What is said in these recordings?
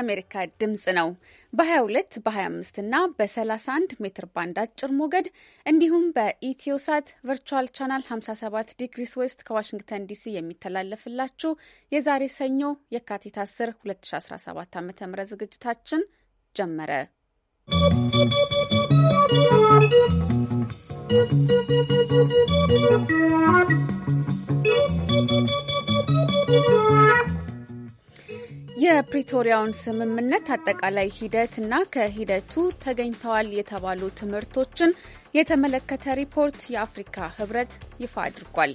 የአሜሪካ ድምፅ ነው። በ22 በ25 እና በ31 ሜትር ባንድ አጭር ሞገድ እንዲሁም በኢትዮሳት ቨርቹዋል ቻናል 57 ዲግሪስ ዌስት ከዋሽንግተን ዲሲ የሚተላለፍላችሁ የዛሬ ሰኞ የካቲት 10 2017 ዓ ም ዝግጅታችን ጀመረ። ¶¶ የፕሪቶሪያውን ስምምነት አጠቃላይ ሂደት እና ከሂደቱ ተገኝተዋል የተባሉ ትምህርቶችን የተመለከተ ሪፖርት የአፍሪካ ህብረት ይፋ አድርጓል።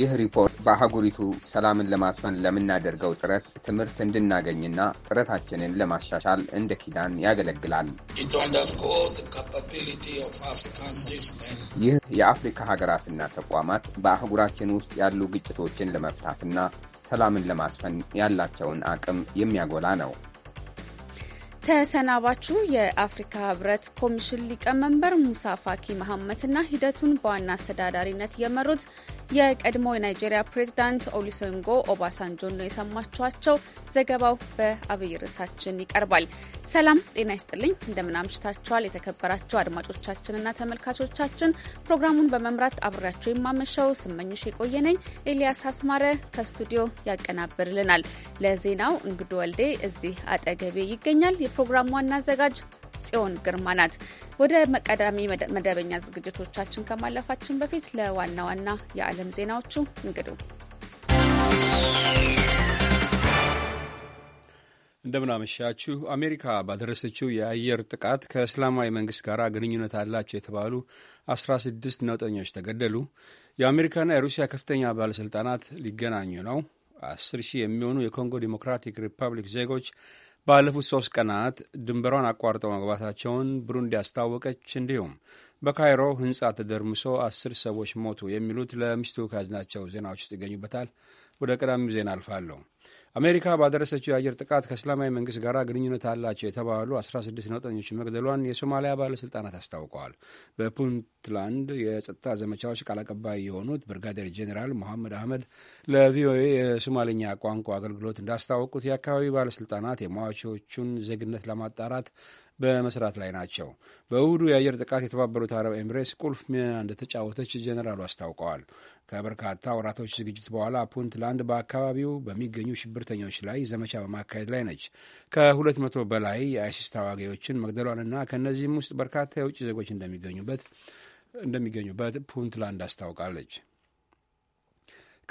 ይህ ሪፖርት በአህጉሪቱ ሰላምን ለማስፈን ለምናደርገው ጥረት ትምህርት እንድናገኝና ጥረታችንን ለማሻሻል እንደ ኪዳን ያገለግላል። ይህ የአፍሪካ ሀገራትና ተቋማት በአህጉራችን ውስጥ ያሉ ግጭቶችን ለመፍታትና ሰላምን ለማስፈን ያላቸውን አቅም የሚያጎላ ነው። ተሰናባቹ የአፍሪካ ህብረት ኮሚሽን ሊቀመንበር ሙሳ ፋኪ መሐመትና ሂደቱን በዋና አስተዳዳሪነት የመሩት የቀድሞ የናይጄሪያ ፕሬዚዳንት ኦሊሰንጎ ኦባሳንጆን ነው የሰማችኋቸው። ዘገባው በአብይ ርዕሳችን ይቀርባል። ሰላም ጤና ይስጥልኝ። እንደምን አምሽታችኋል? የተከበራችሁ አድማጮቻችንና ተመልካቾቻችን ፕሮግራሙን በመምራት አብሬያቸው የማመሻው ስመኝሽ የቆየ ነኝ። ኤልያስ አስማረ ከስቱዲዮ ያቀናብርልናል። ለዜናው እንግዱ ወልዴ እዚህ አጠገቤ ይገኛል። የፕሮግራሙ ዋና አዘጋጅ ጽዮን ግርማ ናት። ወደ መቀዳሚ መደበኛ ዝግጅቶቻችን ከማለፋችን በፊት ለዋና ዋና የዓለም ዜናዎቹ እንግዱ እንደምናመሻችሁ። አሜሪካ ባደረሰችው የአየር ጥቃት ከእስላማዊ መንግስት ጋር ግንኙነት አላቸው የተባሉ 16 ነውጠኞች ተገደሉ። የአሜሪካና የሩሲያ ከፍተኛ ባለሥልጣናት ሊገናኙ ነው። 10 ሺህ የሚሆኑ የኮንጎ ዲሞክራቲክ ሪፐብሊክ ዜጎች ባለፉት ሶስት ቀናት ድንበሯን አቋርጠው መግባታቸውን ብሩንዲ አስታወቀች። እንዲሁም በካይሮ ህንጻ ተደርምሶ አስር ሰዎች ሞቱ። የሚሉት ለምሽቱ ከያዝናቸው ዜናዎች ውስጥ ይገኙበታል። ወደ ቀዳሚው ዜና አልፋለሁ። አሜሪካ ባደረሰችው የአየር ጥቃት ከእስላማዊ መንግስት ጋር ግንኙነት አላቸው የተባሉ 16 ነውጠኞች መግደሏን የሶማሊያ ባለሥልጣናት አስታውቀዋል። በፑንትላንድ የጸጥታ ዘመቻዎች ቃል አቀባይ የሆኑት ብርጋዴር ጄኔራል መሐመድ አህመድ ለቪኦኤ የሶማሌኛ ቋንቋ አገልግሎት እንዳስታወቁት የአካባቢ ባለሥልጣናት የሟቾቹን ዜግነት ለማጣራት በመስራት ላይ ናቸው። በእሁዱ የአየር ጥቃት የተባበሩት አረብ ኤምሬትስ ቁልፍ ሚና እንደተጫወተች ጀኔራሉ አስታውቀዋል። ከበርካታ ወራቶች ዝግጅት በኋላ ፑንትላንድ በአካባቢው በሚገኙ ሽብርተኞች ላይ ዘመቻ በማካሄድ ላይ ነች። ከሁለት መቶ በላይ የአይሲስ ታዋጊዎችን መግደሏንና ከእነዚህም ውስጥ በርካታ የውጭ ዜጎች እንደሚገኙበት እንደሚገኙበት ፑንትላንድ አስታውቃለች።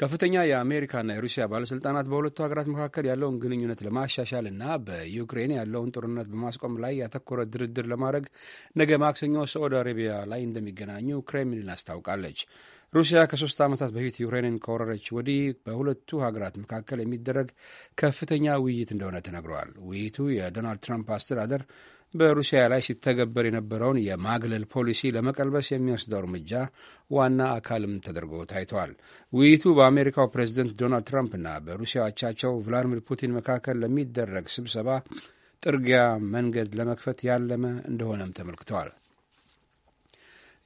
ከፍተኛ የአሜሪካና የሩሲያ ባለሥልጣናት በሁለቱ ሀገራት መካከል ያለውን ግንኙነት ለማሻሻል እና በዩክሬን ያለውን ጦርነት በማስቆም ላይ ያተኮረ ድርድር ለማድረግ ነገ ማክሰኞ ሳዑዲ አረቢያ ላይ እንደሚገናኙ ክሬምሊን አስታውቃለች። ሩሲያ ከሶስት ዓመታት በፊት ዩክሬንን ከወረረች ወዲህ በሁለቱ ሀገራት መካከል የሚደረግ ከፍተኛ ውይይት እንደሆነ ተነግረዋል። ውይይቱ የዶናልድ ትራምፕ አስተዳደር በሩሲያ ላይ ሲተገበር የነበረውን የማግለል ፖሊሲ ለመቀልበስ የሚወስደው እርምጃ ዋና አካልም ተደርጎ ታይተዋል። ውይይቱ በአሜሪካው ፕሬዝደንት ዶናልድ ትራምፕና በሩሲያ አቻቸው ቭላዲሚር ፑቲን መካከል ለሚደረግ ስብሰባ ጥርጊያ መንገድ ለመክፈት ያለመ እንደሆነም ተመልክተዋል።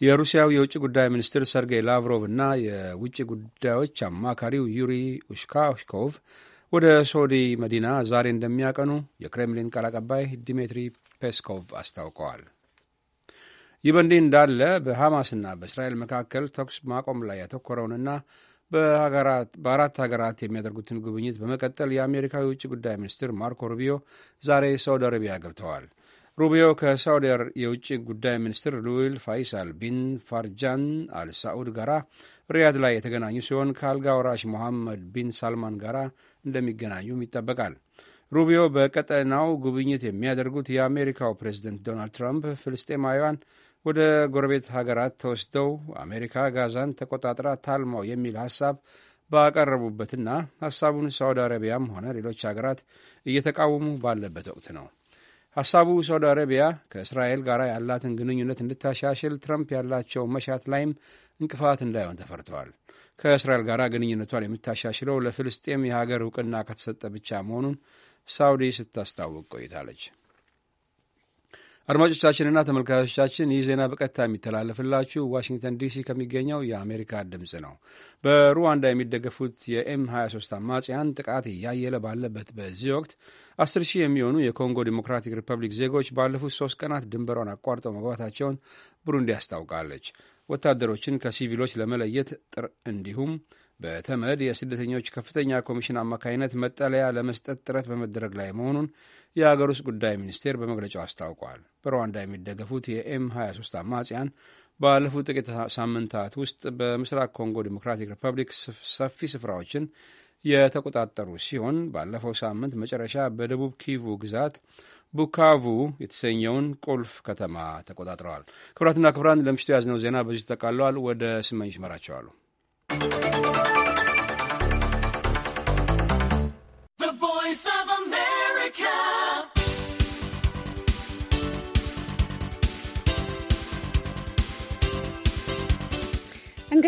የሩሲያው የውጭ ጉዳይ ሚኒስትር ሰርጌይ ላቭሮቭ እና የውጭ ጉዳዮች አማካሪው ዩሪ ኡሽካሽኮቭ ወደ ሶዲ መዲና ዛሬ እንደሚያቀኑ የክሬምሊን ቃል አቀባይ ዲሜትሪ ፔስኮቭ አስታውቀዋል። ይህ በእንዲህ እንዳለ በሐማስና በእስራኤል መካከል ተኩስ ማቆም ላይ ያተኮረውንና በአራት ሀገራት የሚያደርጉትን ጉብኝት በመቀጠል የአሜሪካ የውጭ ጉዳይ ሚኒስትር ማርኮ ሩቢዮ ዛሬ ሳውዲ አረቢያ ገብተዋል። ሩቢዮ ከሳውዲ የውጭ ጉዳይ ሚኒስትር ሉዊል ፋይሳል ቢን ፋርጃን አልሳዑድ ጋራ ሪያድ ላይ የተገናኙ ሲሆን ከአልጋ ወራሽ ሞሐመድ ቢን ሳልማን ጋራ እንደሚገናኙም ይጠበቃል። ሩቢዮ በቀጠናው ጉብኝት የሚያደርጉት የአሜሪካው ፕሬዝደንት ዶናልድ ትራምፕ ፍልስጤማውያን ወደ ጎረቤት ሀገራት ተወስደው አሜሪካ ጋዛን ተቆጣጥራ ታልማው የሚል ሀሳብ ባቀረቡበትና ሀሳቡን ሳውዲ አረቢያም ሆነ ሌሎች ሀገራት እየተቃወሙ ባለበት ወቅት ነው። ሀሳቡ ሳውዲ አረቢያ ከእስራኤል ጋር ያላትን ግንኙነት እንድታሻሽል ትራምፕ ያላቸው መሻት ላይም እንቅፋት እንዳይሆን ተፈርተዋል። ከእስራኤል ጋር ግንኙነቷን የምታሻሽለው ለፍልስጤም የሀገር እውቅና ከተሰጠ ብቻ መሆኑን ሳውዲ ስታስታውቅ ቆይታለች። አድማጮቻችንና ተመልካቾቻችን ይህ ዜና በቀጥታ የሚተላለፍላችሁ ዋሽንግተን ዲሲ ከሚገኘው የአሜሪካ ድምፅ ነው። በሩዋንዳ የሚደገፉት የኤም 23 አማጽያን ጥቃት እያየለ ባለበት በዚህ ወቅት አስር ሺህ የሚሆኑ የኮንጎ ዲሞክራቲክ ሪፐብሊክ ዜጎች ባለፉት ሶስት ቀናት ድንበሯን አቋርጠው መግባታቸውን ቡሩንዲ አስታውቃለች። ወታደሮችን ከሲቪሎች ለመለየት ጥር እንዲሁም በተመድ የስደተኞች ከፍተኛ ኮሚሽን አማካኝነት መጠለያ ለመስጠት ጥረት በመደረግ ላይ መሆኑን የአገር ውስጥ ጉዳይ ሚኒስቴር በመግለጫው አስታውቋል። በሩዋንዳ የሚደገፉት የኤም 23 አማጽያን ባለፉት ጥቂት ሳምንታት ውስጥ በምስራቅ ኮንጎ ዲሞክራቲክ ሪፐብሊክ ሰፊ ስፍራዎችን የተቆጣጠሩ ሲሆን ባለፈው ሳምንት መጨረሻ በደቡብ ኪቩ ግዛት ቡካቩ የተሰኘውን ቁልፍ ከተማ ተቆጣጥረዋል። ክብራትና ክብራን ለምሽቱ ያዝነው ዜና በዚህ ተጠቃለዋል። ወደ ስመኝ ይመራቸዋሉ።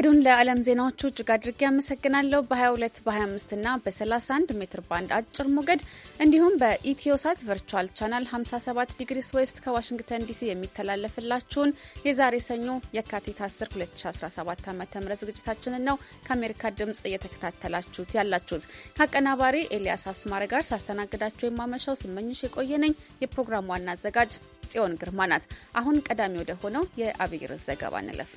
እንግዱን ለዓለም ዜናዎቹ እጅግ አድርጌ ያመሰግናለሁ። በ22 በ25 እና በ31 ሜትር ባንድ አጭር ሞገድ እንዲሁም በኢትዮሳት ቨርቹዋል ቻናል 57 ዲግሪስ ዌስት ከዋሽንግተን ዲሲ የሚተላለፍላችሁን የዛሬ ሰኞ የካቲት 10 2017 ዓ ም ዝግጅታችንን ነው ከአሜሪካ ድምፅ እየተከታተላችሁት ያላችሁት። ከአቀናባሪ ኤልያስ አስማረ ጋር ሳስተናግዳችሁ የማመሻው ስመኝሽ የቆየነኝ የፕሮግራም ዋና አዘጋጅ ጽዮን ግርማ ናት። አሁን ቀዳሚ ወደ ሆነው የአብይር ዘገባ እንለፍ።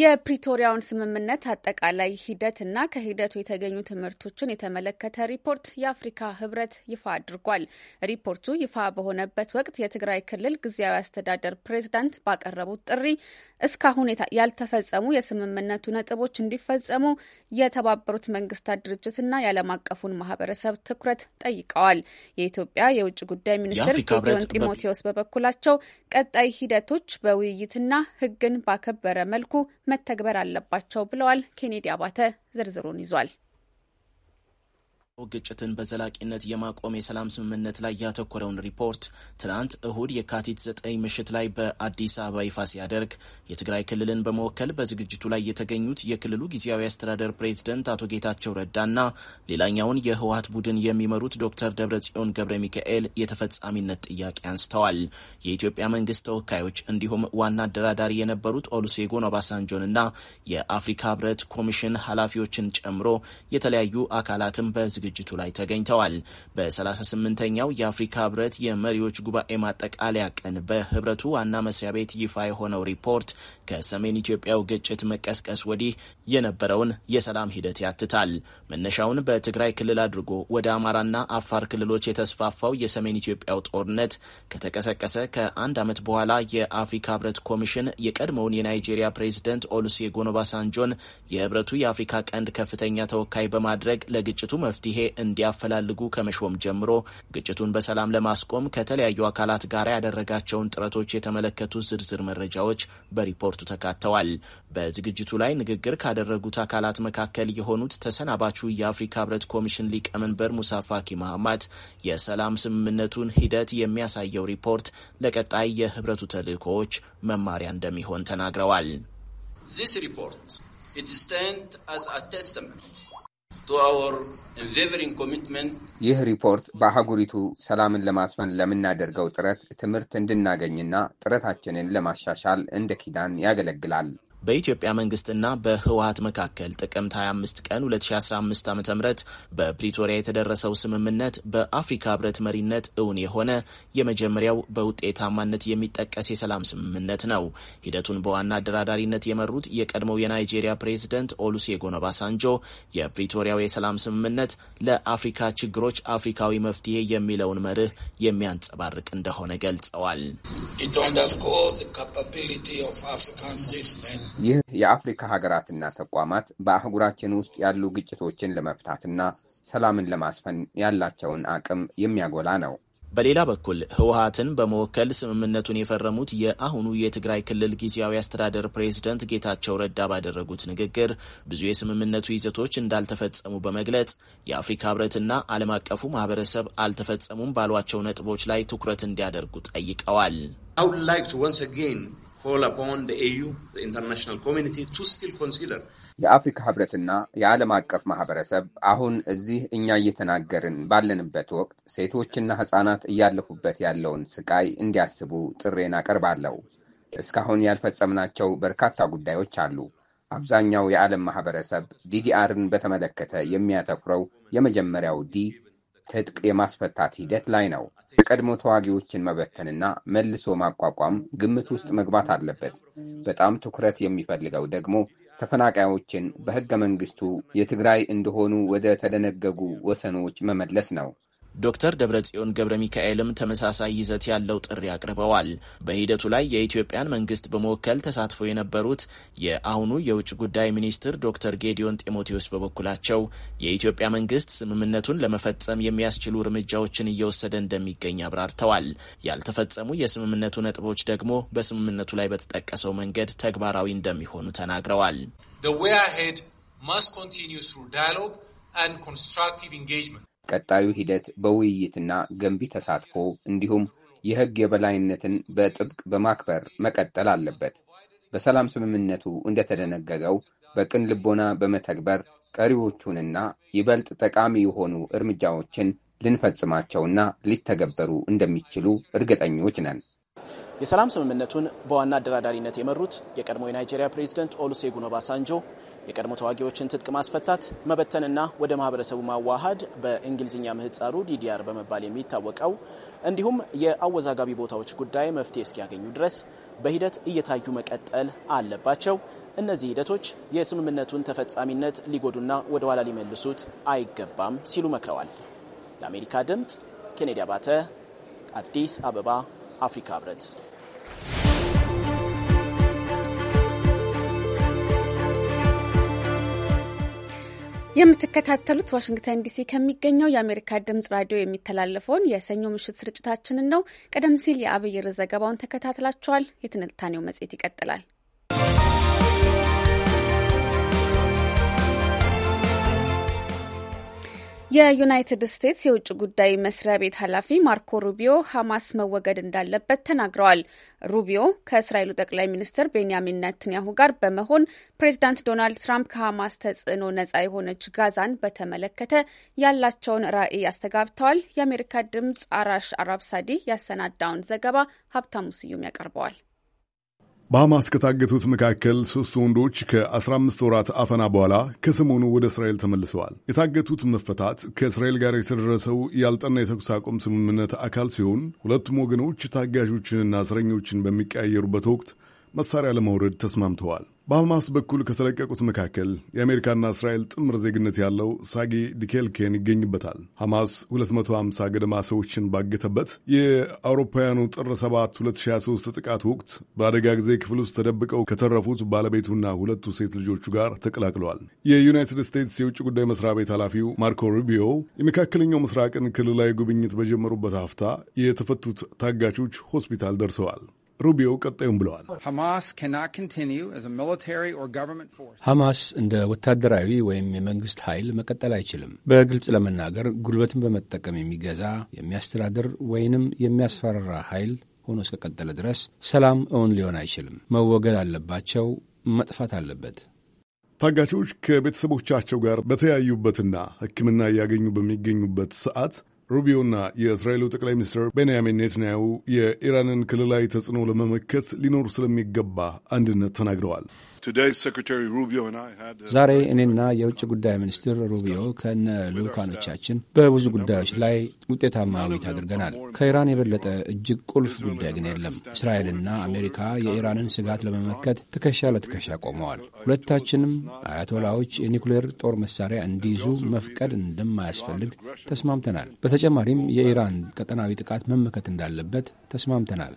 የፕሪቶሪያውን ስምምነት አጠቃላይ ሂደት እና ከሂደቱ የተገኙ ትምህርቶችን የተመለከተ ሪፖርት የአፍሪካ ህብረት ይፋ አድርጓል። ሪፖርቱ ይፋ በሆነበት ወቅት የትግራይ ክልል ጊዜያዊ አስተዳደር ፕሬዝዳንት ባቀረቡት ጥሪ እስካሁን ያልተፈጸሙ የስምምነቱ ነጥቦች እንዲፈጸሙ የተባበሩት መንግስታት ድርጅትና የዓለም አቀፉን ማህበረሰብ ትኩረት ጠይቀዋል። የኢትዮጵያ የውጭ ጉዳይ ሚኒስትር ጌዲዮን ጢሞቴዎስ በበኩላቸው ቀጣይ ሂደቶች በውይይትና ሕግን ባከበረ መልኩ መተግበር አለባቸው ብለዋል። ኬኔዲ አባተ ዝርዝሩን ይዟል። ግጭትን በዘላቂነት የማቆም የሰላም ስምምነት ላይ ያተኮረውን ሪፖርት ትናንት እሁድ የካቲት ዘጠኝ ምሽት ላይ በአዲስ አበባ ይፋ ሲያደርግ የትግራይ ክልልን በመወከል በዝግጅቱ ላይ የተገኙት የክልሉ ጊዜያዊ አስተዳደር ፕሬዝደንት አቶ ጌታቸው ረዳና ሌላኛውን የህወሀት ቡድን የሚመሩት ዶክተር ደብረጽዮን ገብረ ሚካኤል የተፈጻሚነት ጥያቄ አንስተዋል። የኢትዮጵያ መንግስት ተወካዮች እንዲሁም ዋና አደራዳሪ የነበሩት ኦሉሴጎን ኦባሳንጆንና የአፍሪካ ህብረት ኮሚሽን ኃላፊዎችን ጨምሮ የተለያዩ አካላትም በዝግ ዝግጅቱ ላይ ተገኝተዋል። በ38ኛው የአፍሪካ ህብረት የመሪዎች ጉባኤ ማጠቃለያ ቀን በህብረቱ ዋና መስሪያ ቤት ይፋ የሆነው ሪፖርት ከሰሜን ኢትዮጵያው ግጭት መቀስቀስ ወዲህ የነበረውን የሰላም ሂደት ያትታል። መነሻውን በትግራይ ክልል አድርጎ ወደ አማራና አፋር ክልሎች የተስፋፋው የሰሜን ኢትዮጵያው ጦርነት ከተቀሰቀሰ ከአንድ ዓመት በኋላ የአፍሪካ ህብረት ኮሚሽን የቀድሞውን የናይጄሪያ ፕሬዚደንት ኦሉሴጉን ኦባሳንጆን የህብረቱ የአፍሪካ ቀንድ ከፍተኛ ተወካይ በማድረግ ለግጭቱ መፍትሄ መፍትሄ እንዲያፈላልጉ ከመሾም ጀምሮ ግጭቱን በሰላም ለማስቆም ከተለያዩ አካላት ጋር ያደረጋቸውን ጥረቶች የተመለከቱ ዝርዝር መረጃዎች በሪፖርቱ ተካተዋል። በዝግጅቱ ላይ ንግግር ካደረጉት አካላት መካከል የሆኑት ተሰናባቹ የአፍሪካ ህብረት ኮሚሽን ሊቀመንበር ሙሳ ፋኪ መሐማት የሰላም ስምምነቱን ሂደት የሚያሳየው ሪፖርት ለቀጣይ የህብረቱ ተልእኮዎች መማሪያ እንደሚሆን ተናግረዋል። ይህ ሪፖርት በአህጉሪቱ ሰላምን ለማስፈን ለምናደርገው ጥረት ትምህርት እንድናገኝና ጥረታችንን ለማሻሻል እንደ ኪዳን ያገለግላል። በኢትዮጵያ መንግስትና በህወሀት መካከል ጥቅምት 25 ቀን 2015 ዓ ም በፕሪቶሪያ የተደረሰው ስምምነት በአፍሪካ ህብረት መሪነት እውን የሆነ የመጀመሪያው በውጤታማነት የሚጠቀስ የሰላም ስምምነት ነው። ሂደቱን በዋና አደራዳሪነት የመሩት የቀድሞው የናይጄሪያ ፕሬዚደንት ኦሉሴጎን ኦባሳንጆ የፕሪቶሪያው የሰላም ስምምነት ለአፍሪካ ችግሮች አፍሪካዊ መፍትሄ የሚለውን መርህ የሚያንጸባርቅ እንደሆነ ገልጸዋል። ይህ የአፍሪካ ሀገራትና ተቋማት በአህጉራችን ውስጥ ያሉ ግጭቶችን ለመፍታትና ሰላምን ለማስፈን ያላቸውን አቅም የሚያጎላ ነው። በሌላ በኩል ህወሀትን በመወከል ስምምነቱን የፈረሙት የአሁኑ የትግራይ ክልል ጊዜያዊ አስተዳደር ፕሬዝደንት ጌታቸው ረዳ ባደረጉት ንግግር ብዙ የስምምነቱ ይዘቶች እንዳልተፈጸሙ በመግለጽ የአፍሪካ ህብረትና ዓለም አቀፉ ማህበረሰብ አልተፈጸሙም ባሏቸው ነጥቦች ላይ ትኩረት እንዲያደርጉ ጠይቀዋል። I would like to once again call upon the AU, the international community, የአፍሪካ ህብረትና የዓለም አቀፍ ማህበረሰብ አሁን እዚህ እኛ እየተናገርን ባለንበት ወቅት ሴቶችና ህጻናት እያለፉበት ያለውን ስቃይ እንዲያስቡ ጥሬን አቀርባለሁ። እስካሁን ያልፈጸምናቸው በርካታ ጉዳዮች አሉ። አብዛኛው የዓለም ማህበረሰብ ዲዲአርን በተመለከተ የሚያተኩረው የመጀመሪያው ዲ ትጥቅ የማስፈታት ሂደት ላይ ነው። የቀድሞ ተዋጊዎችን መበተንና መልሶ ማቋቋም ግምት ውስጥ መግባት አለበት። በጣም ትኩረት የሚፈልገው ደግሞ ተፈናቃዮችን በሕገ መንግስቱ የትግራይ እንደሆኑ ወደ ተደነገጉ ወሰኖች መመለስ ነው። ዶክተር ደብረጽዮን ገብረ ሚካኤልም ተመሳሳይ ይዘት ያለው ጥሪ አቅርበዋል። በሂደቱ ላይ የኢትዮጵያን መንግስት በመወከል ተሳትፎ የነበሩት የአሁኑ የውጭ ጉዳይ ሚኒስትር ዶክተር ጌዲዮን ጢሞቴዎስ በበኩላቸው የኢትዮጵያ መንግስት ስምምነቱን ለመፈጸም የሚያስችሉ እርምጃዎችን እየወሰደ እንደሚገኝ አብራርተዋል። ያልተፈጸሙ የስምምነቱ ነጥቦች ደግሞ በስምምነቱ ላይ በተጠቀሰው መንገድ ተግባራዊ እንደሚሆኑ ተናግረዋል። The way ahead must ቀጣዩ ሂደት በውይይትና ገንቢ ተሳትፎ እንዲሁም የሕግ የበላይነትን በጥብቅ በማክበር መቀጠል አለበት። በሰላም ስምምነቱ እንደተደነገገው በቅን ልቦና በመተግበር ቀሪዎቹንና ይበልጥ ጠቃሚ የሆኑ እርምጃዎችን ልንፈጽማቸውና ሊተገበሩ እንደሚችሉ እርግጠኞች ነን። የሰላም ስምምነቱን በዋና አደራዳሪነት የመሩት የቀድሞ የናይጄሪያ ፕሬዚደንት ኦሉሴጉን ኦባሳንጆ የቀድሞ ተዋጊዎችን ትጥቅ ማስፈታት፣ መበተንና ወደ ማህበረሰቡ ማዋሃድ በእንግሊዝኛ ምህጻሩ ዲዲአር በመባል የሚታወቀው እንዲሁም የአወዛጋቢ ቦታዎች ጉዳይ መፍትሄ እስኪያገኙ ድረስ በሂደት እየታዩ መቀጠል አለባቸው። እነዚህ ሂደቶች የስምምነቱን ተፈጻሚነት ሊጎዱና ወደ ኋላ ሊመልሱት አይገባም ሲሉ መክረዋል። ለአሜሪካ ድምፅ ኬኔዲ አባተ፣ አዲስ አበባ፣ አፍሪካ ህብረት። የምትከታተሉት ዋሽንግተን ዲሲ ከሚገኘው የአሜሪካ ድምጽ ራዲዮ የሚተላለፈውን የሰኞ ምሽት ስርጭታችንን ነው። ቀደም ሲል የአብይር ዘገባውን ተከታትላችኋል። የትንታኔው መጽሔት ይቀጥላል። የዩናይትድ ስቴትስ የውጭ ጉዳይ መስሪያ ቤት ኃላፊ ማርኮ ሩቢዮ ሐማስ መወገድ እንዳለበት ተናግረዋል። ሩቢዮ ከእስራኤሉ ጠቅላይ ሚኒስትር ቤንያሚን ነትንያሁ ጋር በመሆን ፕሬዚዳንት ዶናልድ ትራምፕ ከሐማስ ተጽዕኖ ነጻ የሆነች ጋዛን በተመለከተ ያላቸውን ራዕይ አስተጋብተዋል። የአሜሪካ ድምጽ አራሽ አራብሳዲ ሳዲ ያሰናዳውን ዘገባ ሀብታሙ ስዩም ያቀርበዋል። በሐማስ ከታገቱት መካከል ሦስት ወንዶች ከ15 ወራት አፈና በኋላ ከሰሞኑ ወደ እስራኤል ተመልሰዋል። የታገቱት መፈታት ከእስራኤል ጋር የተደረሰው ያልጠና የተኩስ አቁም ስምምነት አካል ሲሆን ሁለቱም ወገኖች ታጋዦችንና እስረኞችን በሚቀያየሩበት ወቅት መሳሪያ ለመውረድ ተስማምተዋል። በሐማስ በኩል ከተለቀቁት መካከል የአሜሪካና እስራኤል ጥምር ዜግነት ያለው ሳጊ ዲኬልኬን ይገኝበታል። ሐማስ 250 ገደማ ሰዎችን ባገተበት የአውሮፓውያኑ ጥር 7 2023 ጥቃት ወቅት በአደጋ ጊዜ ክፍል ውስጥ ተደብቀው ከተረፉት ባለቤቱና ሁለቱ ሴት ልጆቹ ጋር ተቀላቅለዋል። የዩናይትድ ስቴትስ የውጭ ጉዳይ መስሪያ ቤት ኃላፊው ማርኮ ሩቢዮ የመካከለኛው ምስራቅን ክልላዊ ጉብኝት በጀመሩበት ሀፍታ የተፈቱት ታጋቾች ሆስፒታል ደርሰዋል። ሩቢዮ ቀጣዩም ብለዋል። ሐማስ እንደ ወታደራዊ ወይም የመንግስት ኃይል መቀጠል አይችልም። በግልጽ ለመናገር ጉልበትን በመጠቀም የሚገዛ የሚያስተዳድር ወይንም የሚያስፈራራ ኃይል ሆኖ እስከቀጠለ ድረስ ሰላም እውን ሊሆን አይችልም። መወገድ አለባቸው። መጥፋት አለበት። ታጋቾች ከቤተሰቦቻቸው ጋር በተያዩበትና ሕክምና እያገኙ በሚገኙበት ሰዓት ሩቢዮና የእስራኤሉ ጠቅላይ ሚኒስትር ቤንያሚን ኔትንያሁ የኢራንን ክልላዊ ተጽዕኖ ለመመከት ሊኖር ስለሚገባ አንድነት ተናግረዋል። Uh, ዛሬ እኔና የውጭ ጉዳይ ሚኒስትር ሩቢዮ ከነ ልዑካኖቻችን በብዙ ጉዳዮች ላይ ውጤታማ ውይይት አድርገናል። ከኢራን የበለጠ እጅግ ቁልፍ ጉዳይ ግን የለም። እስራኤልና አሜሪካ የኢራንን ስጋት ለመመከት ትከሻ ለትከሻ ቆመዋል። ሁለታችንም አያቶላዎች የኒውክሌር ጦር መሳሪያ እንዲይዙ መፍቀድ እንደማያስፈልግ ተስማምተናል። በተጨማሪም የኢራን ቀጠናዊ ጥቃት መመከት እንዳለበት ተስማምተናል።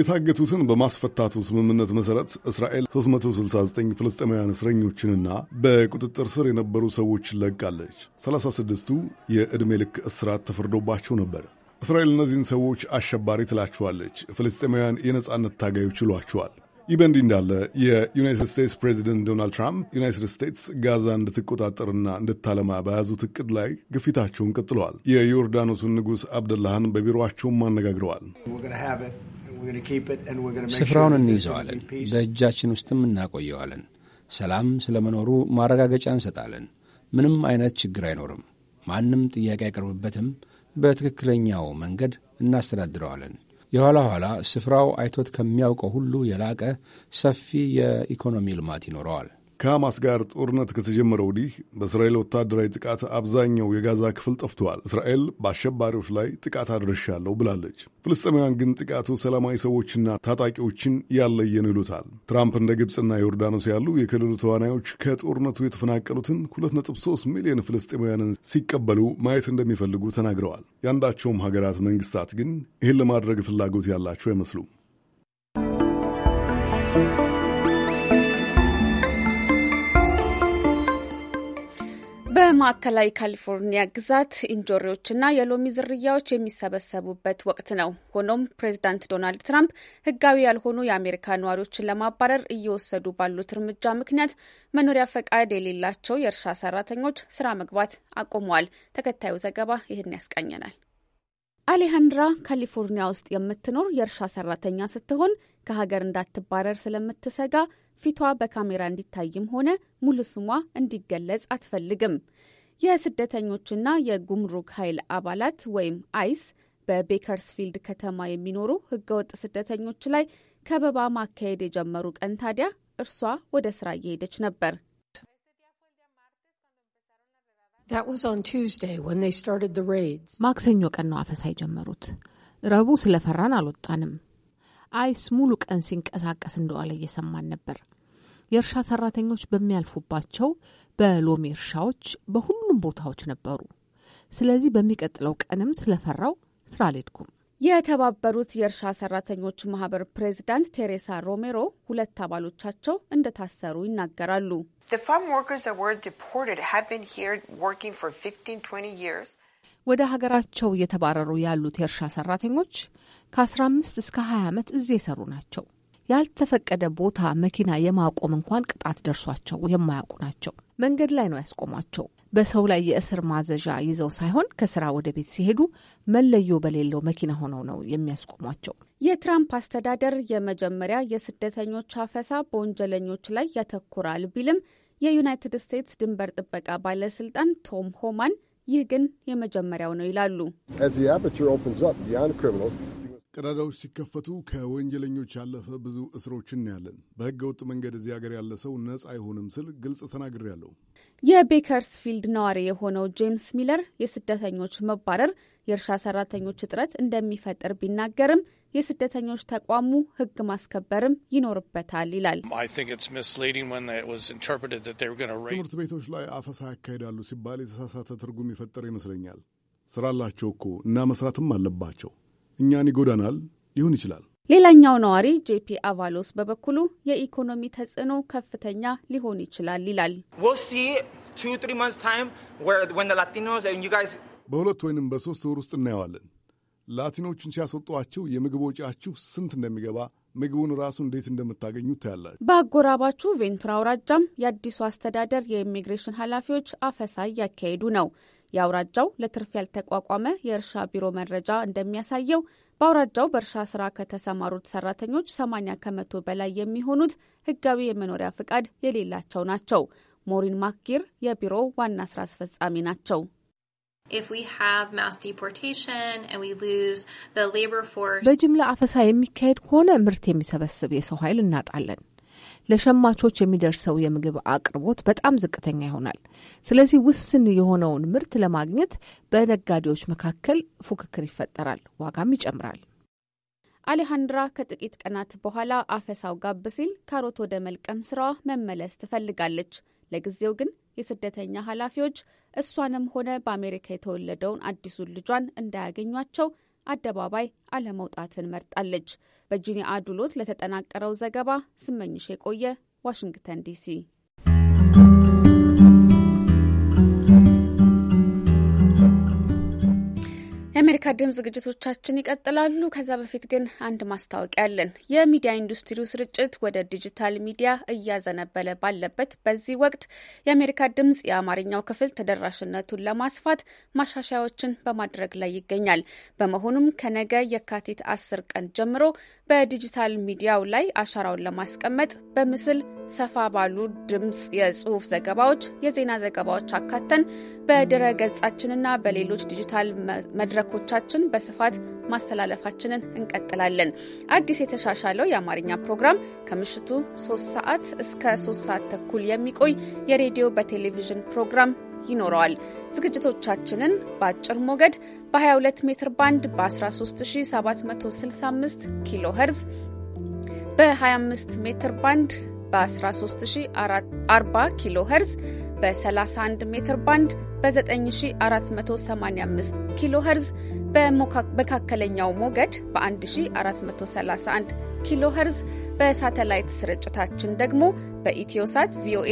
የታገቱትን በማስፈታቱ ስምምነት መሠረት እስራኤል 369 ፍልስጤማውያን እስረኞችንና በቁጥጥር ስር የነበሩ ሰዎችን ለቃለች። 36ቱ የዕድሜ ልክ እስራት ተፈርዶባቸው ነበር። እስራኤል እነዚህን ሰዎች አሸባሪ ትላቸዋለች፣ ፍልስጤማውያን የነጻነት ታጋዮች ይሏቸዋል። ይህ በእንዲህ እንዳለ የዩናይትድ ስቴትስ ፕሬዚደንት ዶናልድ ትራምፕ ዩናይትድ ስቴትስ ጋዛ እንድትቆጣጠርና እንድታለማ በያዙት እቅድ ላይ ግፊታቸውን ቀጥለዋል። የዮርዳኖሱን ንጉሥ አብደላህን በቢሮአቸውም አነጋግረዋል። ስፍራውን እንይዘዋለን፣ በእጃችን ውስጥም እናቆየዋለን። ሰላም ስለ መኖሩ ማረጋገጫ እንሰጣለን። ምንም አይነት ችግር አይኖርም። ማንም ጥያቄ አይቀርብበትም። በትክክለኛው መንገድ እናስተዳድረዋለን። የኋላ ኋላ ስፍራው አይቶት ከሚያውቀው ሁሉ የላቀ ሰፊ የኢኮኖሚ ልማት ይኖረዋል። ከሐማስ ጋር ጦርነት ከተጀመረ ወዲህ በእስራኤል ወታደራዊ ጥቃት አብዛኛው የጋዛ ክፍል ጠፍቷል። እስራኤል በአሸባሪዎች ላይ ጥቃት አድርሻለሁ ብላለች። ፍልስጤማውያን ግን ጥቃቱ ሰላማዊ ሰዎችና ታጣቂዎችን ያለየን ይሉታል። ትራምፕ እንደ ግብፅና ዮርዳኖስ ያሉ የክልሉ ተዋናዮች ከጦርነቱ የተፈናቀሉትን 2.3 ሚሊዮን ፍልስጤማውያንን ሲቀበሉ ማየት እንደሚፈልጉ ተናግረዋል። የአንዳቸውም ሀገራት መንግስታት ግን ይህን ለማድረግ ፍላጎት ያላቸው አይመስሉም። በማዕከላዊ ካሊፎርኒያ ግዛት እንጆሪዎችና የሎሚ ዝርያዎች የሚሰበሰቡበት ወቅት ነው። ሆኖም ፕሬዚዳንት ዶናልድ ትራምፕ ሕጋዊ ያልሆኑ የአሜሪካ ነዋሪዎችን ለማባረር እየወሰዱ ባሉት እርምጃ ምክንያት መኖሪያ ፈቃድ የሌላቸው የእርሻ ሰራተኞች ስራ መግባት አቁመዋል። ተከታዩ ዘገባ ይህን ያስቃኘናል። አሌሃንድራ ካሊፎርኒያ ውስጥ የምትኖር የእርሻ ሰራተኛ ስትሆን ከሀገር እንዳትባረር ስለምትሰጋ ፊቷ በካሜራ እንዲታይም ሆነ ሙሉ ስሟ እንዲገለጽ አትፈልግም። የስደተኞችና የጉምሩክ ኃይል አባላት ወይም አይስ በቤከርስፊልድ ከተማ የሚኖሩ ህገወጥ ስደተኞች ላይ ከበባ ማካሄድ የጀመሩ ቀን ታዲያ እርሷ ወደ ስራ እየሄደች ነበር። ማክሰኞ ቀን ነው አፈሳ የጀመሩት። ረቡ ስለፈራን አልወጣንም። አይስ ሙሉ ቀን ሲንቀሳቀስ እንደዋለ እየሰማን ነበር። የእርሻ ሰራተኞች በሚያልፉባቸው በሎሚ እርሻዎች በሁሉም ቦታዎች ነበሩ። ስለዚህ በሚቀጥለው ቀንም ስለፈራው ስራ አልሄድኩም። የተባበሩት የእርሻ ሰራተኞች ማህበር ፕሬዚዳንት ቴሬሳ ሮሜሮ ሁለት አባሎቻቸው እንደታሰሩ ይናገራሉ። ወደ ሀገራቸው እየተባረሩ ያሉት የእርሻ ሰራተኞች ከ15 እስከ 20 ዓመት እዚህ የሰሩ ናቸው። ያልተፈቀደ ቦታ መኪና የማቆም እንኳን ቅጣት ደርሷቸው የማያውቁ ናቸው። መንገድ ላይ ነው ያስቆሟቸው። በሰው ላይ የእስር ማዘዣ ይዘው ሳይሆን ከስራ ወደ ቤት ሲሄዱ መለዮ በሌለው መኪና ሆነው ነው የሚያስቆሟቸው። የትራምፕ አስተዳደር የመጀመሪያ የስደተኞች አፈሳ በወንጀለኞች ላይ ያተኩራል ቢልም የዩናይትድ ስቴትስ ድንበር ጥበቃ ባለስልጣን ቶም ሆማን ይህ ግን የመጀመሪያው ነው ይላሉ። ቀዳዳዎች ሲከፈቱ ከወንጀለኞች ያለፈ ብዙ እስሮች እናያለን። በህገ ወጥ መንገድ እዚህ ሀገር ያለ ሰው ነጻ አይሆንም ስል ግልጽ የቤከርስ የቤከርስፊልድ ነዋሪ የሆነው ጄምስ ሚለር የስደተኞች መባረር የእርሻ ሰራተኞች እጥረት እንደሚፈጥር ቢናገርም የስደተኞች ተቋሙ ሕግ ማስከበርም ይኖርበታል ይላል። ትምህርት ቤቶች ላይ አፈሳ ያካሂዳሉ ሲባል የተሳሳተ ትርጉም ይፈጠር ይመስለኛል። ስራ አላቸው እኮ እና መስራትም አለባቸው። እኛን ይጎዳናል ሊሆን ይችላል። ሌላኛው ነዋሪ ጄፒ አቫሎስ በበኩሉ የኢኮኖሚ ተጽዕኖ ከፍተኛ ሊሆን ይችላል ይላል። በሁለት ወይንም በሶስት ወር ውስጥ እናየዋለን። ላቲኖቹን ሲያስወጧቸው የምግብ ወጪያችሁ ስንት እንደሚገባ ምግቡን ራሱ እንዴት እንደምታገኙ ታያላችሁ። በአጎራባቹ ቬንቱራ አውራጃም የአዲሱ አስተዳደር የኢሚግሬሽን ኃላፊዎች አፈሳ እያካሄዱ ነው። የአውራጃው ለትርፍ ያልተቋቋመ የእርሻ ቢሮ መረጃ እንደሚያሳየው በአውራጃው በእርሻ ስራ ከተሰማሩት ሰራተኞች 80 ከመቶ በላይ የሚሆኑት ህጋዊ የመኖሪያ ፍቃድ የሌላቸው ናቸው። ሞሪን ማክጊር የቢሮው ዋና ስራ አስፈጻሚ ናቸው። if we have mass deportation and we lose the labor force በጅምላ አፈሳ የሚካሄድ ከሆነ ምርት የሚሰበስብ የሰው ኃይል እናጣለን። ለሸማቾች የሚደርሰው የምግብ አቅርቦት በጣም ዝቅተኛ ይሆናል። ስለዚህ ውስን የሆነውን ምርት ለማግኘት በነጋዴዎች መካከል ፉክክር ይፈጠራል፣ ዋጋም ይጨምራል። አሌሃንድራ ከጥቂት ቀናት በኋላ አፈሳው ጋብ ሲል ካሮት ወደ መልቀም ስራዋ መመለስ ትፈልጋለች። ለጊዜው ግን የስደተኛ ኃላፊዎች እሷንም ሆነ በአሜሪካ የተወለደውን አዲሱን ልጇን እንዳያገኟቸው አደባባይ አለመውጣትን መርጣለች። በጂኒ አዱሎት ለተጠናቀረው ዘገባ ስመኝሽ የቆየ ዋሽንግተን ዲሲ። የአሜሪካ ድምፅ ዝግጅቶቻችን ይቀጥላሉ። ከዛ በፊት ግን አንድ ማስታወቂያ አለን። የሚዲያ ኢንዱስትሪው ስርጭት ወደ ዲጂታል ሚዲያ እያዘነበለ ባለበት በዚህ ወቅት የአሜሪካ ድምፅ የአማርኛው ክፍል ተደራሽነቱን ለማስፋት ማሻሻያዎችን በማድረግ ላይ ይገኛል። በመሆኑም ከነገ የካቲት አስር ቀን ጀምሮ በዲጂታል ሚዲያው ላይ አሻራውን ለማስቀመጥ በምስል ሰፋ ባሉ ድምፅ፣ የጽሁፍ ዘገባዎች፣ የዜና ዘገባዎች አካተን በድረ ገጻችንና በሌሎች ዲጂታል መድረ መድረኮቻችን በስፋት ማስተላለፋችንን እንቀጥላለን። አዲስ የተሻሻለው የአማርኛ ፕሮግራም ከምሽቱ 3 ሰዓት እስከ 3 ሰዓት ተኩል የሚቆይ የሬዲዮ በቴሌቪዥን ፕሮግራም ይኖረዋል። ዝግጅቶቻችንን በአጭር ሞገድ በ22 ሜትር ባንድ በ13765 ኪሎ ሄርዝ በ25 ሜትር ባንድ በ 13440 ኪሎ ሄርዝ በ31 ሜትር ባንድ በ9485 ኪሎ ኸርዝ በመካከለኛው ሞገድ በ1431 ኪሎ ኸርዝ በሳተላይት ስርጭታችን ደግሞ በኢትዮሳት ቪኦኤ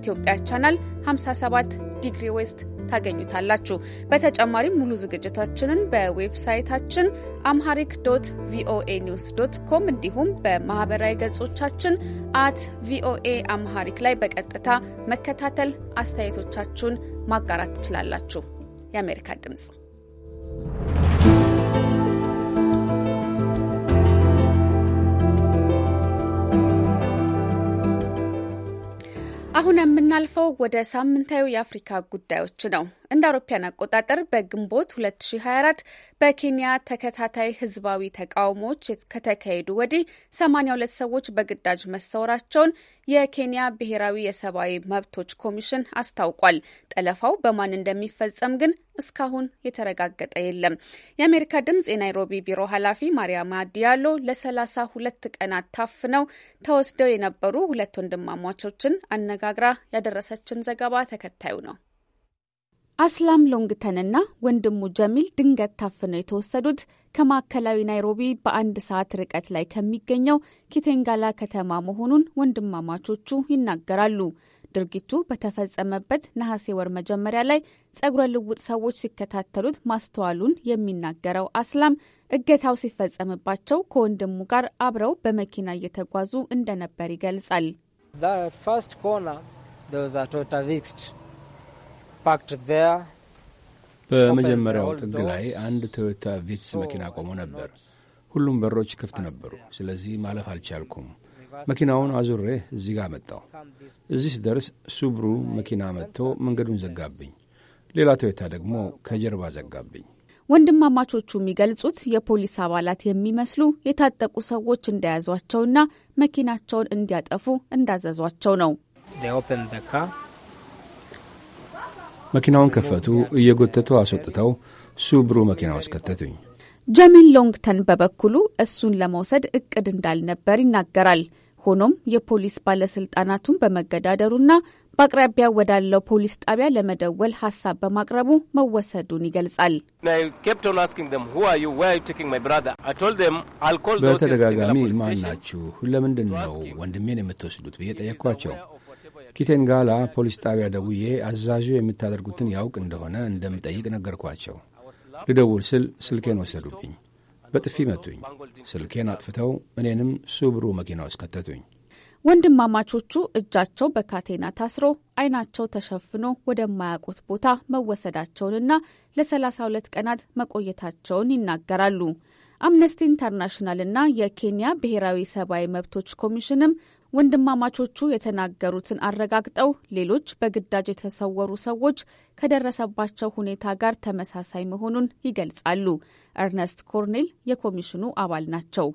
ኢትዮጵያ ቻናል 57 ዲግሪ ዌስት ታገኙታላችሁ። በተጨማሪም ሙሉ ዝግጅታችንን በዌብሳይታችን አምሃሪክ ዶት ቪኦኤ ኒውስ ዶት ኮም እንዲሁም በማህበራዊ ገጾቻችን አት ቪኦኤ አምሃሪክ ላይ በቀጥታ መከታተል፣ አስተያየቶቻችሁን ማጋራት ትችላላችሁ። የአሜሪካ ድምጽ አሁን የምናልፈው ወደ ሳምንታዊ የአፍሪካ ጉዳዮች ነው። እንደ አውሮፓያን አቆጣጠር በግንቦት 2024 በኬንያ ተከታታይ ህዝባዊ ተቃውሞዎች ከተካሄዱ ወዲህ 82 ሰዎች በግዳጅ መሰወራቸውን የኬንያ ብሔራዊ የሰብአዊ መብቶች ኮሚሽን አስታውቋል። ጠለፋው በማን እንደሚፈጸም ግን እስካሁን የተረጋገጠ የለም። የአሜሪካ ድምጽ የናይሮቢ ቢሮ ኃላፊ ማሪያማ ዲያሎ ለሰላሳ ሁለት ቀናት ታፍነው ተወስደው የነበሩ ሁለት ወንድማማቾችን አነጋግራ ያደረሰችን ዘገባ ተከታዩ ነው። አስላም ሎንግተንና ወንድሙ ጀሚል ድንገት ታፍነው የተወሰዱት ከማዕከላዊ ናይሮቢ በአንድ ሰዓት ርቀት ላይ ከሚገኘው ኪቴንጋላ ከተማ መሆኑን ወንድማማቾቹ ይናገራሉ። ድርጊቱ በተፈጸመበት ነሐሴ ወር መጀመሪያ ላይ ጸጉረ ልውጥ ሰዎች ሲከታተሉት ማስተዋሉን የሚናገረው አስላም እገታው ሲፈጸምባቸው ከወንድሙ ጋር አብረው በመኪና እየተጓዙ እንደነበር ይገልጻል። በመጀመሪያው ጥግ ላይ አንድ ቶዮታ ቪትስ መኪና ቆሞ ነበር። ሁሉም በሮች ክፍት ነበሩ። ስለዚህ ማለፍ አልቻልኩም። መኪናውን አዙሬ እዚህ ጋር መጣሁ። እዚህ ስደርስ ሱብሩ መኪና መጥቶ መንገዱን ዘጋብኝ። ሌላ ቶዮታ ደግሞ ከጀርባ ዘጋብኝ። ወንድማማቾቹ የሚገልጹት የፖሊስ አባላት የሚመስሉ የታጠቁ ሰዎች እንደያዟቸውና መኪናቸውን እንዲያጠፉ እንዳዘዟቸው ነው። መኪናውን ከፈቱ፣ እየጎተቱ አስወጥተው ሱብሩ መኪና ውስጥ ከተቱኝ። ጀሚል ሎንግተን በበኩሉ እሱን ለመውሰድ እቅድ እንዳልነበር ይናገራል። ሆኖም የፖሊስ ባለስልጣናቱን በመገዳደሩና በአቅራቢያ ወዳለው ፖሊስ ጣቢያ ለመደወል ሀሳብ በማቅረቡ መወሰዱን ይገልጻል። በተደጋጋሚ ማን ናችሁ? ለምንድን ነው ወንድሜን የምትወስዱት ብዬ ጠየኳቸው። ኪቴንጋላ ፖሊስ ጣቢያ ደውዬ አዛዡ የምታደርጉትን ያውቅ እንደሆነ እንደምጠይቅ ነገርኳቸው። ልደውል ስል ስልኬን ወሰዱብኝ። በጥፊ መቱኝ። ስልኬን አጥፍተው እኔንም ሱብሩ መኪና ውስጥ ከተቱኝ። ወንድማማቾቹ እጃቸው በካቴና ታስሮ አይናቸው ተሸፍኖ ወደማያውቁት ቦታ መወሰዳቸውንና ለሰላሳ ሁለት ቀናት መቆየታቸውን ይናገራሉ። አምነስቲ ኢንተርናሽናልና የኬንያ ብሔራዊ ሰብአዊ መብቶች ኮሚሽንም ወንድማማቾቹ የተናገሩትን አረጋግጠው ሌሎች በግዳጅ የተሰወሩ ሰዎች ከደረሰባቸው ሁኔታ ጋር ተመሳሳይ መሆኑን ይገልጻሉ። ኤርነስት ኮርኔል የኮሚሽኑ አባል ናቸው።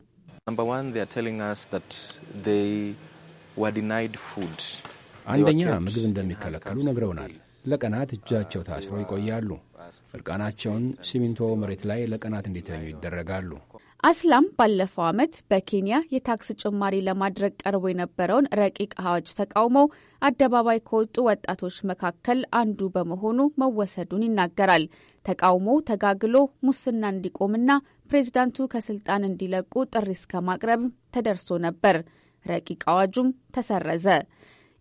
አንደኛ ምግብ እንደሚከለከሉ ነግረውናል። ለቀናት እጃቸው ታስረው ይቆያሉ። እርቃናቸውን ሲሚንቶ መሬት ላይ ለቀናት እንዲተኙ ይደረጋሉ። አስላም ባለፈው ዓመት በኬንያ የታክስ ጭማሪ ለማድረግ ቀርቦ የነበረውን ረቂቅ አዋጅ ተቃውሞ አደባባይ ከወጡ ወጣቶች መካከል አንዱ በመሆኑ መወሰዱን ይናገራል። ተቃውሞ ተጋግሎ ሙስና እንዲቆምና ፕሬዚዳንቱ ከስልጣን እንዲለቁ ጥሪ እስከ ማቅረብ ተደርሶ ነበር። ረቂቅ አዋጁም ተሰረዘ።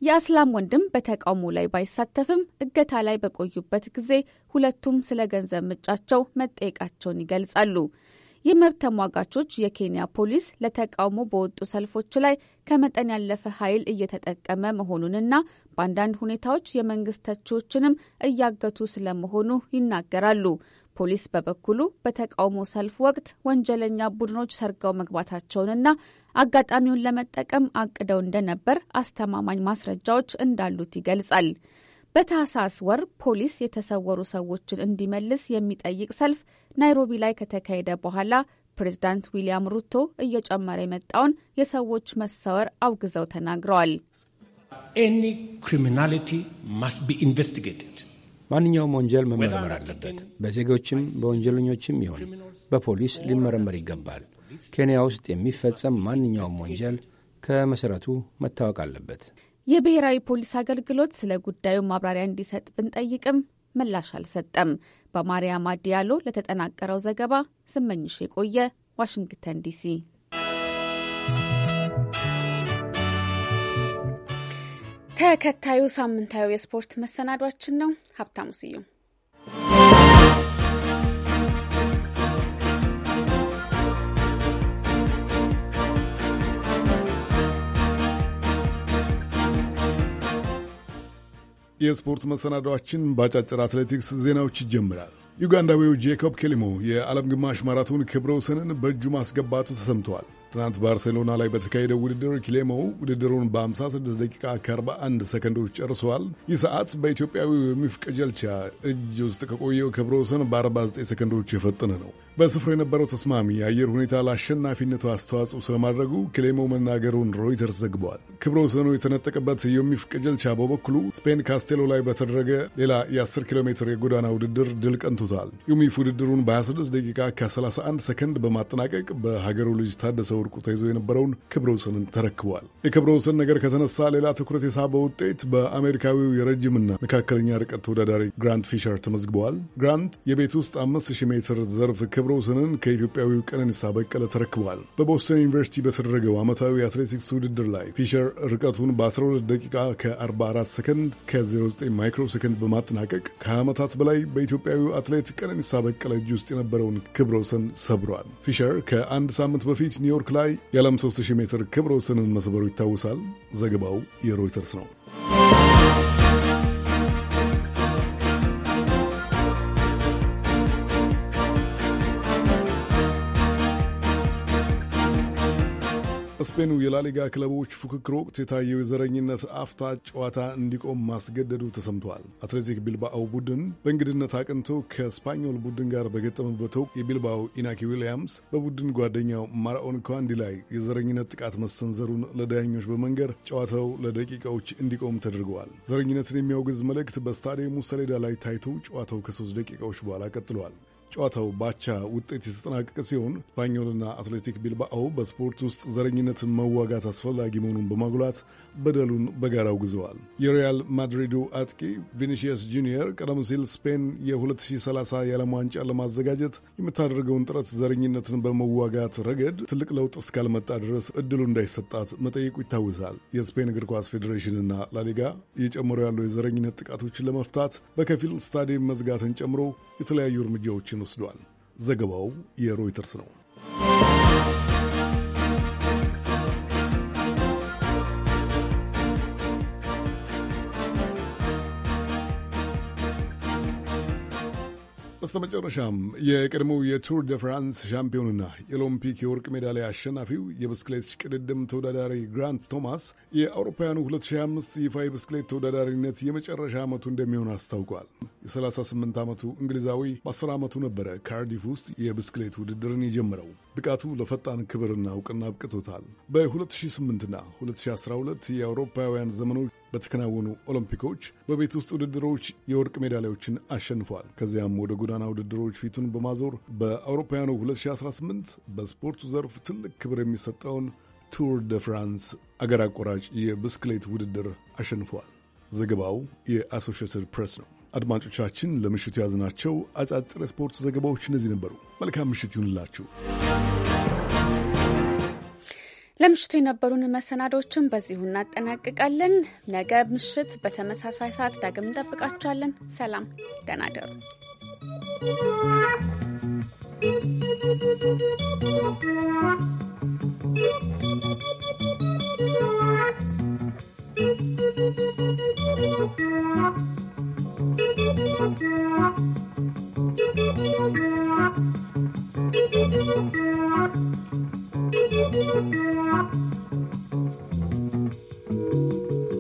የአስላም ወንድም በተቃውሞ ላይ ባይሳተፍም እገታ ላይ በቆዩበት ጊዜ ሁለቱም ስለ ገንዘብ ምጫቸው መጠየቃቸውን ይገልጻሉ። የመብት ተሟጋቾች የኬንያ ፖሊስ ለተቃውሞ በወጡ ሰልፎች ላይ ከመጠን ያለፈ ኃይል እየተጠቀመ መሆኑንና በአንዳንድ ሁኔታዎች የመንግስት ተቺዎችንም እያገቱ ስለመሆኑ ይናገራሉ። ፖሊስ በበኩሉ በተቃውሞ ሰልፍ ወቅት ወንጀለኛ ቡድኖች ሰርገው መግባታቸውንና አጋጣሚውን ለመጠቀም አቅደው እንደነበር አስተማማኝ ማስረጃዎች እንዳሉት ይገልጻል። በታህሳስ ወር ፖሊስ የተሰወሩ ሰዎችን እንዲመልስ የሚጠይቅ ሰልፍ ናይሮቢ ላይ ከተካሄደ በኋላ ፕሬዝዳንት ዊልያም ሩቶ እየጨመረ የመጣውን የሰዎች መሰወር አውግዘው ተናግረዋል። ማንኛውም ወንጀል መመርመር አለበት። በዜጎችም በወንጀለኞችም ይሆን በፖሊስ ሊመረመር ይገባል። ኬንያ ውስጥ የሚፈጸም ማንኛውም ወንጀል ከመሠረቱ መታወቅ አለበት። የብሔራዊ ፖሊስ አገልግሎት ስለ ጉዳዩ ማብራሪያ እንዲሰጥ ብንጠይቅም ምላሽ አልሰጠም። በማርያማ ዲያሎ ለተጠናቀረው ዘገባ ስመኝሽ የቆየ ዋሽንግተን ዲሲ። ተከታዩ ሳምንታዊ የስፖርት መሰናዷችን ነው። ሀብታሙ ስዩም የስፖርት መሰናዷችን በአጫጭር አትሌቲክስ ዜናዎች ይጀምራል። ዩጋንዳዊው ጄኮብ ኬሊሞ የዓለም ግማሽ ማራቶን ክብረ ወሰንን በእጁ ማስገባቱ ተሰምተዋል። ትናንት ባርሴሎና ላይ በተካሄደው ውድድር ኪሌሞ ውድድሩን በ56 ደቂቃ ከ41 ሰከንዶች ጨርሰዋል። ይህ ሰዓት በኢትዮጵያዊው የሚፍቀጀልቻ እጅ ውስጥ ከቆየው ክብረ ወሰን በ49 ሰከንዶች የፈጠነ ነው። በስፍራው የነበረው ተስማሚ የአየር ሁኔታ ለአሸናፊነቱ አስተዋጽኦ ስለማድረጉ ክሌሞ መናገሩን ሮይተርስ ዘግበዋል። ክብረ ወሰኑ የተነጠቀበት ዮሚፍ ቅጀልቻ በበኩሉ ስፔን ካስቴሎ ላይ በተደረገ ሌላ የ10 ኪሎ ሜትር የጎዳና ውድድር ድል ቀንቶታል። ዮሚፍ ውድድሩን በ26 ደቂቃ ከ31 ሰከንድ በማጠናቀቅ በሀገሩ ልጅ ታደሰ ወርቁ ተይዞ የነበረውን ክብረ ወሰንን ተረክቧል። የክብረ ወሰን ነገር ከተነሳ ሌላ ትኩረት የሳበ ውጤት በአሜሪካዊው የረጅምና መካከለኛ ርቀት ተወዳዳሪ ግራንት ፊሸር ተመዝግበዋል። ግራንት የቤት ውስጥ 5000 ሜትር ዘርፍ ክብረ ወሰንን ከኢትዮጵያዊው ቀነኒሳ በቀለ ተረክበዋል። በቦስተን ዩኒቨርሲቲ በተደረገው ዓመታዊ የአትሌቲክስ ውድድር ላይ ፊሸር ርቀቱን በ12 ደቂቃ ከ44 ሰከንድ ከ09 ማይክሮ ሰከንድ በማጠናቀቅ ከ20 ዓመታት በላይ በኢትዮጵያዊው አትሌት ቀነኒሳ በቀለ እጅ ውስጥ የነበረውን ክብረ ወሰን ሰብሯል። ፊሸር ከአንድ ሳምንት በፊት ኒውዮርክ ላይ የዓለም 3000 ሜትር ክብረ ወሰንን መስበሩ ይታወሳል። ዘገባው የሮይተርስ ነው። በስፔኑ የላሊጋ ክለቦች ፉክክር ወቅት የታየው የዘረኝነት አፍታ ጨዋታ እንዲቆም ማስገደዱ ተሰምተዋል። አትሌቲክ ቢልባኦ ቡድን በእንግድነት አቅንቶ ከስፓኞል ቡድን ጋር በገጠመበት ወቅት የቢልባኦ ኢናኪ ዊልያምስ በቡድን ጓደኛው ማራኦን ኳንዲ ላይ የዘረኝነት ጥቃት መሰንዘሩን ለዳኞች በመንገር ጨዋታው ለደቂቃዎች እንዲቆም ተደርገዋል። ዘረኝነትን የሚያውግዝ መልእክት በስታዲየሙ ሰሌዳ ላይ ታይቶ ጨዋታው ከሶስት ደቂቃዎች በኋላ ቀጥሏል። ጨዋታው ባቻ ውጤት የተጠናቀቀ ሲሆን ስፓኞልና አትሌቲክ ቢልባኦ በስፖርት ውስጥ ዘረኝነትን መዋጋት አስፈላጊ መሆኑን በማጉላት በደሉን በጋራ አውግዘዋል። የሪያል ማድሪዱ አጥቂ ቪኒሽየስ ጁኒየር ቀደም ሲል ስፔን የ2030 የዓለም ዋንጫ ለማዘጋጀት የምታደርገውን ጥረት ዘረኝነትን በመዋጋት ረገድ ትልቅ ለውጥ እስካልመጣ ድረስ እድሉ እንዳይሰጣት መጠየቁ ይታወሳል። የስፔን እግር ኳስ ፌዴሬሽንና ላሊጋ እየጨመሩ ያሉ የዘረኝነት ጥቃቶችን ለመፍታት በከፊል ስታዲየም መዝጋትን ጨምሮ የተለያዩ እርምጃዎችን ወስዷል። ዘገባው የሮይተርስ ነው። በስተ መጨረሻም የቀድሞው የቱር ደ ፍራንስ ሻምፒዮንና የኦሎምፒክ የወርቅ ሜዳሊያ አሸናፊው የብስክሌት ቅድድም ተወዳዳሪ ግራንት ቶማስ የአውሮፓውያኑ 2025 ይፋ የብስክሌት ተወዳዳሪነት የመጨረሻ ዓመቱ እንደሚሆን አስታውቋል። የ38 ዓመቱ እንግሊዛዊ በ10 ዓመቱ ነበረ ካርዲፍ ውስጥ የብስክሌት ውድድርን የጀመረው። ብቃቱ ለፈጣን ክብርና እውቅና አብቅቶታል። በ2008ና 2012 የአውሮፓውያን ዘመኖች በተከናወኑ ኦሎምፒኮች በቤት ውስጥ ውድድሮች የወርቅ ሜዳሊያዎችን አሸንፏል። ከዚያም ወደ ጎዳና ውድድሮች ፊቱን በማዞር በአውሮፓውያኑ 2018 በስፖርቱ ዘርፍ ትልቅ ክብር የሚሰጠውን ቱር ደ ፍራንስ አገር አቋራጭ የብስክሌት ውድድር አሸንፏል። ዘገባው የአሶሽትድ ፕሬስ ነው። አድማጮቻችን፣ ለምሽቱ የያዝናቸው አጫጭር የስፖርት ዘገባዎች እነዚህ ነበሩ። መልካም ምሽት ይሁንላችሁ። ለምሽቱ የነበሩን መሰናዶዎችን በዚሁ እናጠናቅቃለን። ነገ ምሽት በተመሳሳይ ሰዓት ዳግም እንጠብቃችኋለን። ሰላም፣ ደህና እደሩ።